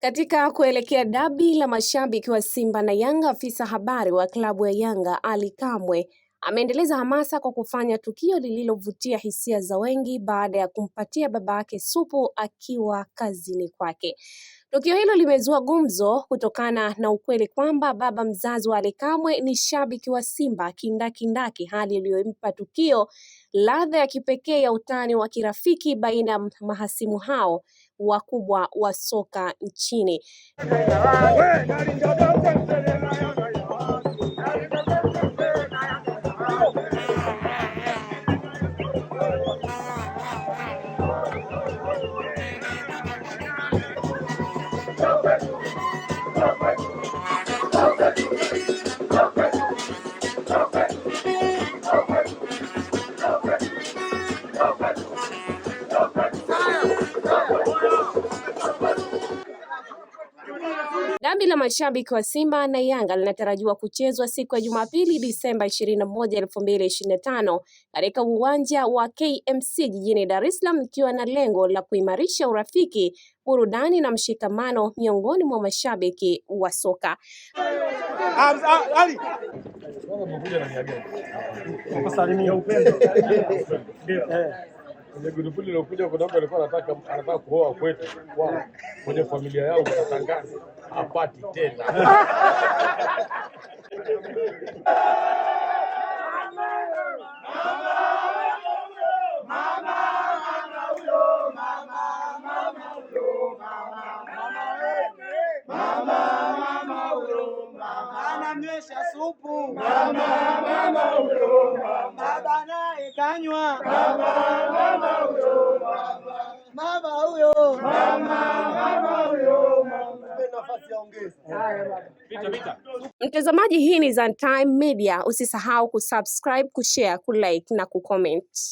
Katika kuelekea dabi la mashabiki wa Simba na Yanga, afisa habari wa klabu ya Yanga Ali Kamwe ameendeleza hamasa kwa kufanya tukio lililovutia hisia za wengi baada ya kumpatia baba yake supu akiwa kazini kwake. Tukio hilo limezua gumzo kutokana na ukweli kwamba baba mzazi wa Ali Kamwe ni shabiki wa Simba kindakindaki, hali iliyompa tukio ladha ya kipekee ya utani wa kirafiki baina ya mahasimu hao wakubwa wa soka nchini. Dambi la mashabiki wa Simba na Yanga linatarajiwa kuchezwa siku ya Jumapili Disemba 21, 2025 katika uwanja wa KMC jijini Dar es Salaam ikiwa na lengo la kuimarisha urafiki, burudani na mshikamano miongoni mwa mashabiki wa soka. kwenye pilipili lilokuja, kuna mtu alikuwa anataka anataka kuoa kwetu kwa kwenye familia yao, kunatangaza hapati tena anamnyesha supu baba naye kanywa Mtazamaji, hii ni Zantime Media, usisahau kusubscribe, kushare, kulike na kucomment.